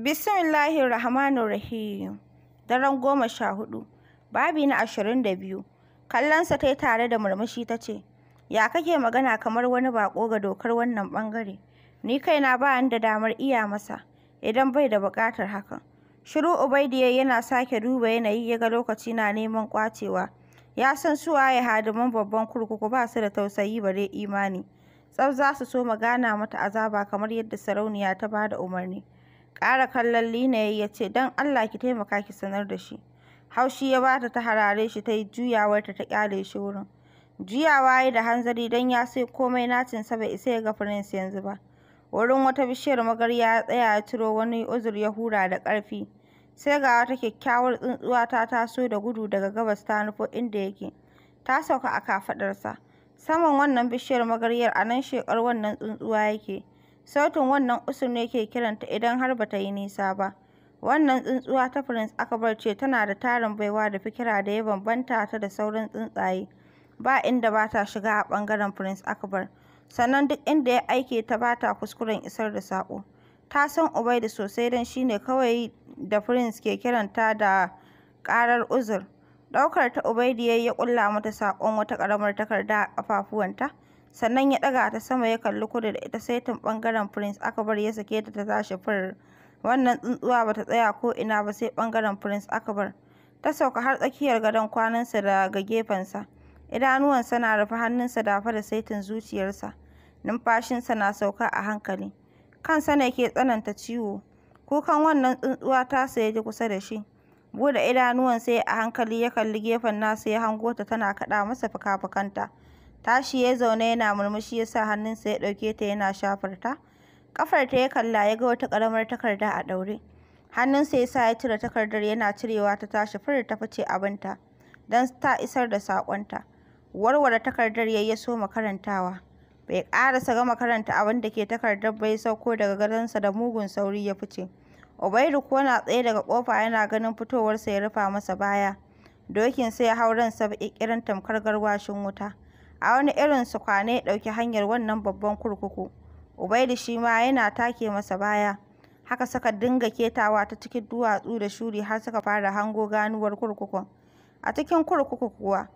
Bismillahir Rahmanir Rahim. Daren goma sha hudu, babi na ashirin da biyu. Kallonsa ta yi tare da murmushi ta ce, Ya kake magana kamar wani bako ga dokar wannan bangare? Ni kaina ba ni da damar iya masa, idan bai da bukatar hakan. Shiru Ubaidiya yana sake duba yanayi ya ga lokaci na neman kwacewa Ya san su waye hadiman babban kurkuku ba su da tausayi bare imani. Tsaf za su so magana mata azaba kamar yadda sarauniya ta ba da umarni. ƙara kallon Lina ya ce, don Allah ki taimaka ki sanar da shi. Haushi ya ba ta harare shi ta yi juyawarta ta ƙyale shi wurin. Juyawa ya da hanzari don ya sai komai nacinsa bai isa ya ga Prince yanzu ba. Wurin wata bishiyar magarya ya tsaya ya ciro wani uzur ya hura da ƙarfi. Sai ga wata kyakkyawar tsuntsuwa ta taso da gudu daga gabas ta nufo inda yake. Ta sauka a kafaɗarsa. Saman wannan bishiyar magaryar a nan shekar wannan tsuntsuwa yake. Sautin wannan usur ne ke kiranta idan har ba ta yi nisa ba. Wannan tsuntsuwa ta Prince Akbar ce tana da tarin baiwa da fikira da ya bambanta ta da sauran tsuntsaye. Ba inda ba ta shiga a bangaren Prince akabar. Sannan duk inda ya aike ta ba ta kuskuren isar da saƙo. Ta san Ubaidu sosai don shine kawai da Prince ke kiranta da ƙarar uzur. Ɗaukar ta Ubaidu ya yi ya ƙulla mata sakon wata ƙaramar takarda a ƙafafuwanta. sannan ya ɗaga ta sama ya kalli kudu da ita sai tun ɓangaren prince aka bar ya sake ta ta tashi fir wannan tsuntsuwa bata tsaya ko ina ba sai bangaren prince aka bar ta sauka har tsakiyar gadon kwanansa ga gefensa idanuwansa na rufe hannunsa dafa da saitin zuciyarsa numfashinsa na sauka a hankali kansa ne ke tsananta ciwo kukan wannan tsuntsuwa ta ya ji kusa da shi Bude idanuwan sai a hankali ya kalli gefen nasa ya hango ta tana kaɗa masa fuka-fukanta Tashi ya zaune yana murmushi ya sa hannunsa ya ɗauke ta yana shafarta. ƙafarta Ƙafar ta ya kalla ya ga wata ƙaramar takarda a ɗaure. Hannunsa ya sa ya cire takardar yana cirewa ta tashi fur ta fice abinta don ta isar da saƙonta. Warware takardar ya yi ya Bai ƙarasa gama karanta abin da ke takardar bai sauko daga gadonsa da mugun sauri ya fice. Ubairu kuwa na tsaye daga ƙofa yana ganin fitowarsa ya rufa masa baya. Dokinsa ya hau ransa baƙiƙirin tamkar garwashin wuta. a wani irin su kwane ya ɗauki hanyar wannan babban kurkuku. Ubaidu shi ma yana take masa baya. Haka suka dinga ketawa ta cikin duwatsu da shuri har suka fara hango ganuwar kurkukun. A cikin kurkuku kuwa,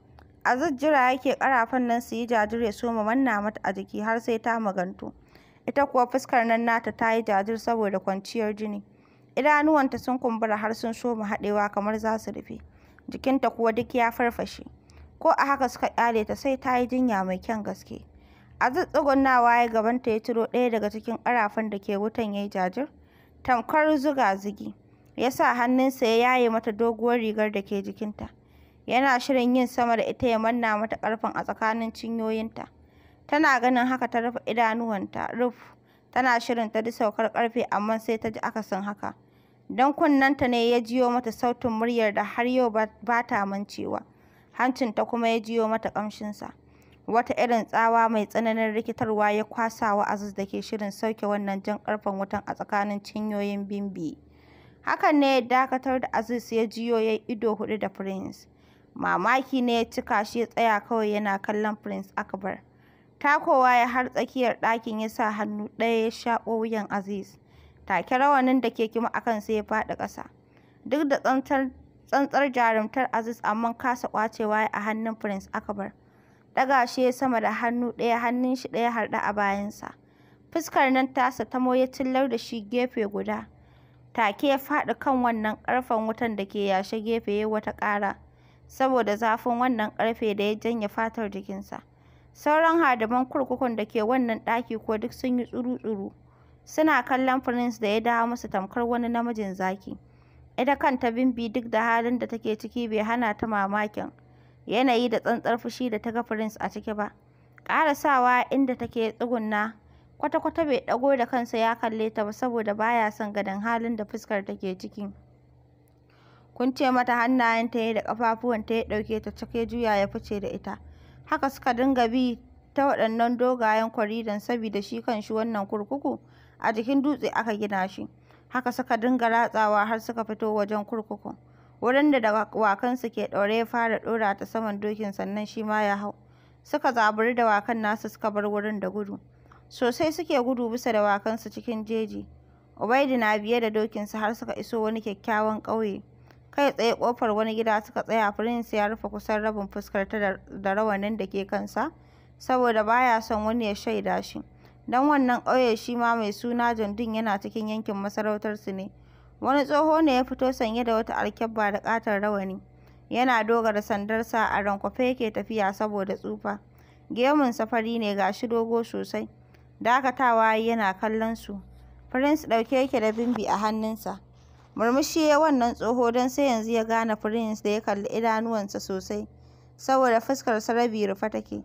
a jira yake karafan nan su yi jajir su ma manna mata a jiki har sai ta magantu. Ita kuwa fuskar nan nata ta yi jajir saboda kwanciyar jini. Idanuwanta sun kumbura har sun soma haɗewa kamar za su rufe. Jikinta kuwa duk ya farfashe. ko a haka suka kyale ta sai ta yi jinya mai kyan gaske. a tsugunnawa ya gabanta ya ciro ɗaya daga cikin ƙarafan da ke wutan ya yi jajir, tamkar zuga zugi. Ya sa hannunsa ya yaye mata doguwar rigar da ke jikinta. Yana shirin yin sama da ita ya manna mata ƙarfin a tsakanin cinyoyinta. Tana ganin haka ta rufe idanuwanta ruf. Tana shirin ta ji saukar ƙarfe amma sai ta ji akasin haka. Don kunnenta ne ya jiyo mata sautin muryar da har yau ba ta mancewa. hancinta kuma ya jiyo mata kamshinsa. Wata irin tsawa mai tsananin rikitarwa ya kwasa wa Aziz da ke shirin sauke wannan jan ƙarfen wutan a tsakanin cinyoyin Bimbi. Hakan ne ya dakatar da Aziz ya jiyo ya ido huɗu da Prince. Mamaki ne ya cika shi ya tsaya kawai yana kallon Prince Akbar. Takowa ya har tsakiyar ɗakin ya sa hannu ɗaya ya sha wuyan Aziz. Take rawanin da ke kima akan sai ya faɗi ƙasa. Duk da tsantar Tsantsar jarumtar Aziz amma kasa ƙwacewa a hannun Prince Akbar. Ɗaga shi ya sama da hannu ɗaya hannun shi ɗaya harɗa a bayansa. Fuskar nan tasa ta ya cillar da shi gefe guda. Take ya faɗi kan wannan ƙarfen wutan da ke yashe gefe ya wata ƙara. Saboda zafin wannan ƙarfe da ya janye fatar jikinsa. Sauran hadiman kurkukun da ke wannan ɗaki ko duk sun yi tsuru-tsuru. Suna kallon Prince da ya dawo musu tamkar wani namijin zaki. Ita kanta Bimbi duk da halin da take ciki bai hana ta mamakin yanayi da tsantsar fushi da ta ga Prince a ciki ba. ƙara sawa inda take tsugunna, kwata-kwata bai ɗago da kansa ya kalle ta ba saboda baya son ganin halin da fuskar take ciki. Kun ce mata hannayenta ya da kafafuwan ta ya ɗauke ta cike juya ya fice da ita. Haka suka dinga bi ta waɗannan dogayen kwaridan saboda shi kan shi wannan kurkuku a jikin dutse aka gina shi. haka suka dinga ratsawa har suka fito wajen kurkuku wurin da wakansu ke ɗaure ya fara ɗora ta saman dokin sannan shi ma ya hau suka zaburi wakan nasu suka bar wurin da gudu sosai suke gudu bisa da wakansu cikin jeji ubaidi na biye da dokinsa har suka iso wani kyakkyawan ƙauye kai tsaye ƙofar wani gida suka tsaya prince ya rufe kusan rabin fuskar ta da rawanin da ke kansa saboda baya son wani ya shaida shi don wannan ƙauye shi ma mai suna Jandun yana cikin yankin masarautarsu ne. Wani tsoho ne ya fito sanye da wata alkyabba da ƙaton rawani, yana dogara sandarsa a rankwafe yake tafiya saboda tsufa. gemun safari ne ga shi dogo sosai, dakatawa yana kallon su. Prince ɗauke yake da bimbi a hannunsa. Murmushi ya wannan tsoho don sai yanzu ya gane Prince da ya kalli idanuwansa sosai, saboda fuskar sarabi rufe take.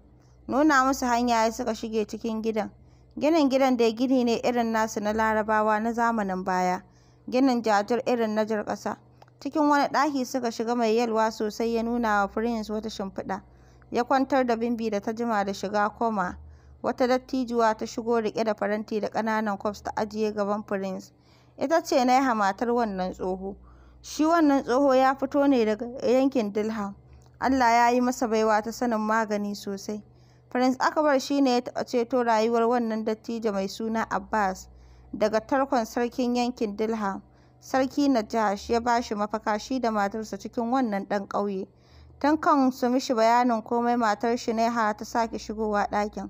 Nuna musu hanya ya suka shige cikin gidan. Ginin gidan dai gini ne irin nasu na Larabawa na zamanin baya, ginin jajir irin na jar ƙasa. Cikin wani ɗaki suka shiga mai yalwa sosai ya nuna wa Prince wata shimfiɗa, ya kwantar da Bimbi da ta jima da shiga koma. Wata dattijuwa ta shigo riƙe da faranti da ƙananan cups ta ajiye gaban Prince. Ita ce yi hamatar wannan tsoho. Shi wannan tsoho ya fito ne daga yankin Dilham. Allah ya yi masa baiwa ta sanin magani sosai. Prince Akbar shi ne ya taɓa ceto rayuwar wannan dattijo mai suna Abbas daga tarkon sarkin yankin dilha Sarki Najash ya ba shi mafaka shi da matarsa cikin wannan ɗan ƙauye. Tun kan su mishi bayanin komai matar shi Neha ta sake shigowa ɗakin,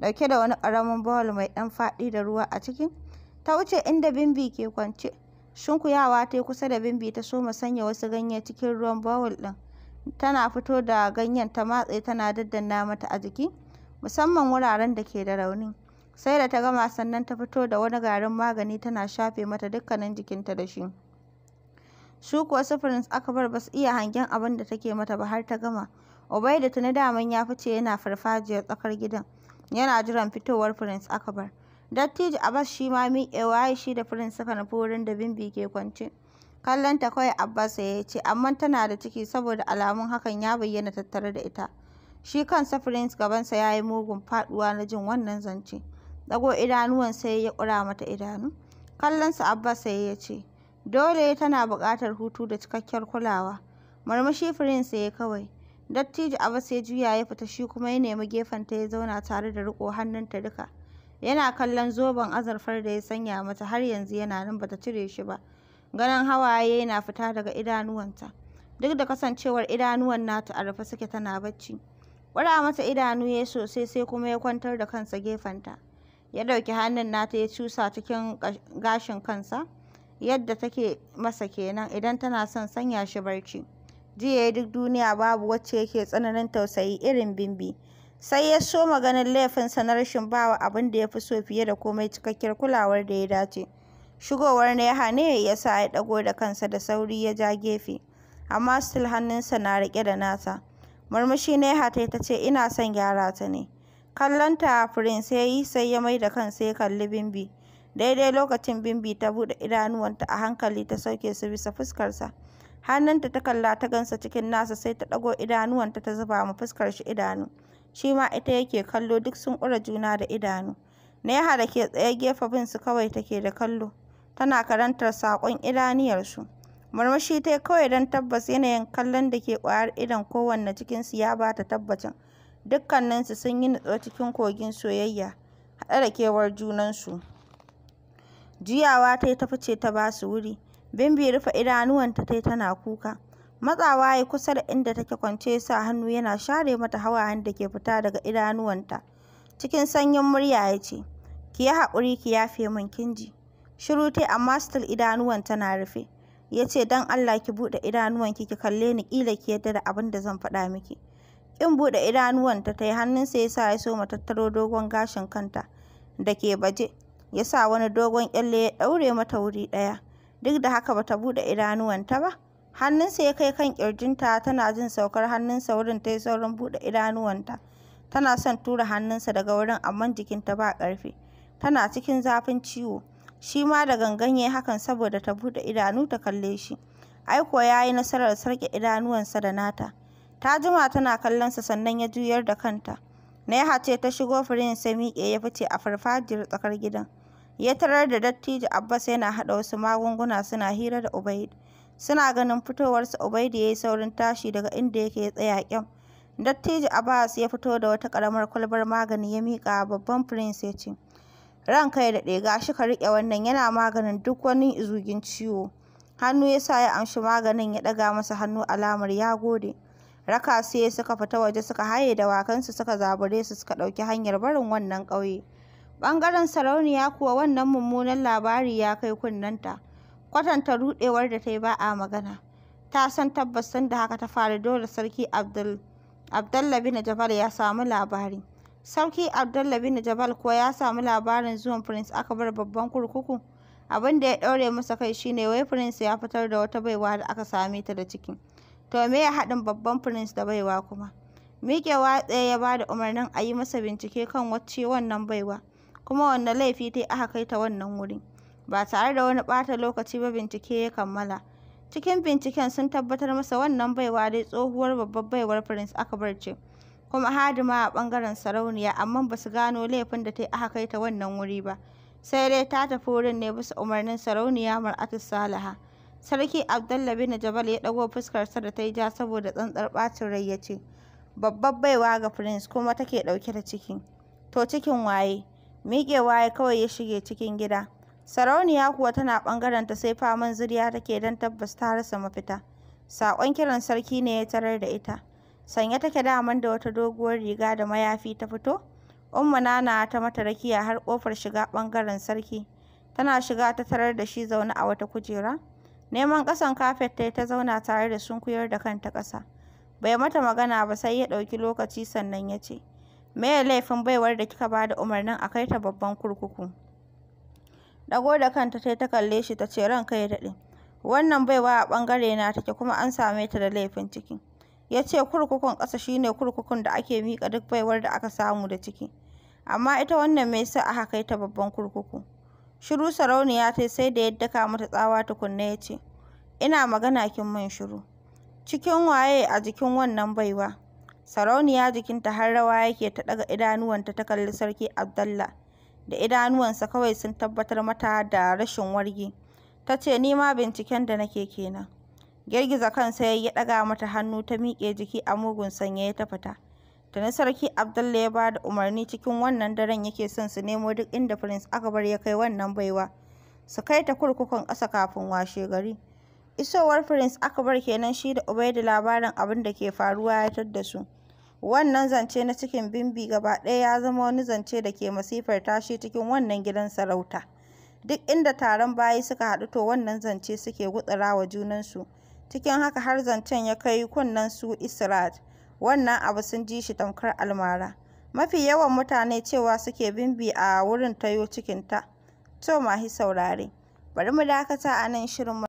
ɗauke da wani ƙaramin bowl mai ɗan faɗi da ruwa a ciki. Ta wuce inda Bimbi ke kwance, shunkuyawa ta yi kusa da Bimbi ta soma sanya wasu ganye cikin ruwan bowl ɗin. tana fito da ganyen ta matse tana daddanna mata a jiki musamman wuraren da ke da rauni sai da ta gama sannan ta fito da wani garin magani tana shafe mata dukkanin jikinta da shi su kuwa sufurin prince akbar ba su iya hangen abin da take mata ba har ta gama ubaida tuni daman ya fice yana farfajiyar tsakar gidan yana jiran fitowar prince akbar dattijo abbas shi ma miƙewa ya shi da prince suka nufi wurin da bimbi ke kwance Kallon ta kawai Abbas ya ce, amma tana da ciki saboda alamun hakan ya bayyana tattare da ita. Shi kansa Prince gabansa ya yi mugun faɗuwa na jin wannan zance. Dago idanuwan sai ya kura mata idanu. Kallonsa Abbas ya ce, dole tana buƙatar hutu da cikakkiyar kulawa. Murmushi Prince ya kawai. Dattijo Abbas ya juya ya fita shi kuma ya nemi gefen ta ya zauna tare da riƙo hannunta duka. Yana kallon zoben azurfar da ya sanya mata har yanzu yana nan bata cire shi ba. ganin hawaye na fita daga idanuwanta duk da kasancewar idanuwan nata a rufe suke tana bacci ƙura mata idanu ya sosai sai kuma ya kwantar da kansa gefenta ya ɗauki hannun nata ya cusa cikin gashin kansa yadda take masa kenan idan tana son sanya shi barci jiya duk duniya babu wacce yake tsananin tausayi irin bimbi sai ya so maganin laifinsa na rashin bawa abin da ya fi so fiye da komai cikakkiyar kulawar da ya dace Shigowar Neha ne ya sa ya ɗago da kansa da sauri ya ja gefe, amma still hannunsa na riƙe da nasa. Murmushi Neha ta ta ce, ina son gyara ta ne. Kallonta Prince ya yi sai ya mai da kansa ya kalli Bimbi. Daidai lokacin Bimbi ta buɗe idanuwanta a hankali ta sauke su bisa fuskarsa. Hannunta ta kalla ta gansa cikin nasa sai ta ɗago idanuwanta ta zuba ma fuskar shi idanu. Shi ma ita yake kallo duk sun ƙura juna da idanu. Neha da ke tsaye gefe bin su kawai take da kallo. tana karantar saƙon idaniyarsu. Murmushi ta yi kawai don tabbas yanayin kallon da ke ƙwayar idan kowanne cikinsu ya ba ta tabbacin dukkaninsu sun yi nutso cikin kogin soyayya haɗe da kewar junansu. Juyawa ta yi ta fice ta ba su wuri. Bimbi rufe idanuwanta ta tana kuka. Matsawa ya kusa da inda take kwance sa hannu yana share mata hawayen da ke fita daga idanuwanta. Cikin sanyin murya ya ce, ki yi haƙuri ki yafe min kin ji. Shiru tai amma still idanuwan tana rufe. Ya ce don Allah ki buɗe idanuwanki ki kalle ni kila ki yadda da abin da zan faɗa miki. In buɗe idanuwanta ta yi hannunsa ya sa ya so tattaro dogon gashin kanta da ke baje. Ya sa wani dogon ƙyalle ya ɗaure mata wuri ɗaya. Duk da haka bata buɗe ta ba. Hannunsa ya kai kan ƙirjinta tana jin saukar hannunsa wurin ta yi saurin buɗe idanuwanta. Tana son tura hannunsa daga wurin amma jikinta ba ƙarfi. Tana cikin zafin ciwo. shi ma da gangan ya yi hakan saboda ta buɗe idanu ta kalle shi ai kuwa ya yi nasarar sarƙe idanuwansa da nata ta jima tana kallonsa sannan ya juyar da kanta Neha ce ta shigo firin sai miƙe ya fice a farfajiyar tsakar gidan ya tarar da dattijo Abbas yana haɗa wasu magunguna suna hira da Ubaid suna ganin fitowarsa Ubaid ya yi saurin tashi daga inda yake tsaya kyau. dattijo Abbas ya fito da wata ƙaramar kwalbar magani ya miƙa babban firin ya ce ranka ya daɗe gashi ka riƙe wannan yana maganin duk wani izugin ciwo hannu ya sa ya amshi maganin ya ɗaga masa hannu alamar ya gode raka sai suka fita waje suka haye wakansu suka zabure su suka ɗauki hanyar barin wannan ƙauye ɓangaren sarauniya kuwa wannan mummunan labari ya kai kunnenta kwatanta ruɗewar da ta yi ba a magana ta san tabbas da haka ta faru dole sarki abdul abdallah bin ya samu labari Sarki Abdullah bin Jabal kuwa ya samu labarin zuwan Prince bar babban kurkuku. Abin da ya ɗaure masa kai shine wai Prince ya fitar da wata baiwa da aka same ta da ciki. To me ya haɗin babban Prince da baiwa kuma? Miƙewa tsaye ya ba da umarnin a yi masa bincike kan wacce wannan baiwa, kuma wanne laifi dai aka kai ta wannan wuri. Ba tare da wani ɓata lokaci ba bincike ya kammala. Cikin binciken sun tabbatar masa wannan baiwa dai tsohuwar babbar baiwar Prince Akbar ce. kuma Hadima a ɓangaren Sarauniya amma ba su gano laifin da ta yi aka kai ta wannan wuri ba. Sai dai ta tafi wurin ne bisa umarnin Sarauniya Mar'atu Salaha. Sarki Abdullah na Jabal ya ɗago fuskarsa da ta yi ja saboda tsantsar ɓacin rai ya ce, Babbar baiwa ga Prince kuma take ɗauke da ciki. To cikin waye? miƙe waye kawai ya shige cikin gida. Sarauniya kuwa tana ɓangaren ta sai faman zuriya take don tabbas ta rasa mafita. Saƙon kiran sarki ne ya tarar da ita. sanye take daman da wata doguwar riga da mayafi ta fito umma nana ta mata rakiya har kofar shiga bangaren sarki tana shiga ta tarar da shi zaune a wata kujera neman kasan kafet ta ta zauna tare da sun sunkuyar da kanta ƙasa bai mata magana ba sai ya ɗauki lokaci sannan ya ce me laifin baiwar da kika bada umarnin a kai ta babban kurkuku dago da kanta tai ta kalle shi ta ce ranka ya daɗe wannan baiwa a bangare na take kuma an same ta da laifin ciki ya ce kurkukun ƙasa shine kurkukun da ake miƙa duk baiwar da aka samu da ciki amma ita wannan mai sa aka kai ta babban kurkuku shiru sarauniya ta sai da ya daka mata tsawa tukunna ya ce ina magana kin man shiru cikin waye a jikin wannan baiwa sarauniya jikinta har rawa yake ta ɗaga idanuwanta ta kalli sarki abdallah da idanuwansa kawai sun tabbatar mata da rashin wargi ta ce ni ma binciken da nake kenan girgiza kansa ya ɗaga mata hannu ta miƙe jiki a mugun sanye ta fita tuni sarki abdullahi ya bada umarni cikin wannan daren yake son su nemo duk inda prince akabar ya kai wannan baiwa su kai ta kurkukun ƙasa kafin washe gari isowar prince akabar kenan shi da ubaidu labarin abin da ke faruwa ya tadda su wannan zance na cikin bimbi gaba ɗaya ya zama wani zance da ke masifar tashi cikin wannan gidan sarauta duk inda taron bayi suka haɗu to wannan zance suke gutsara wa junansu cikin haka har zancen ya kai kunnen su Israel Wannan abu sun ji shi tamkar almara. Mafi yawan mutane cewa suke bimbi a wurin tayo cikinta. To mahi saurare, bari mu dakata a nan shirin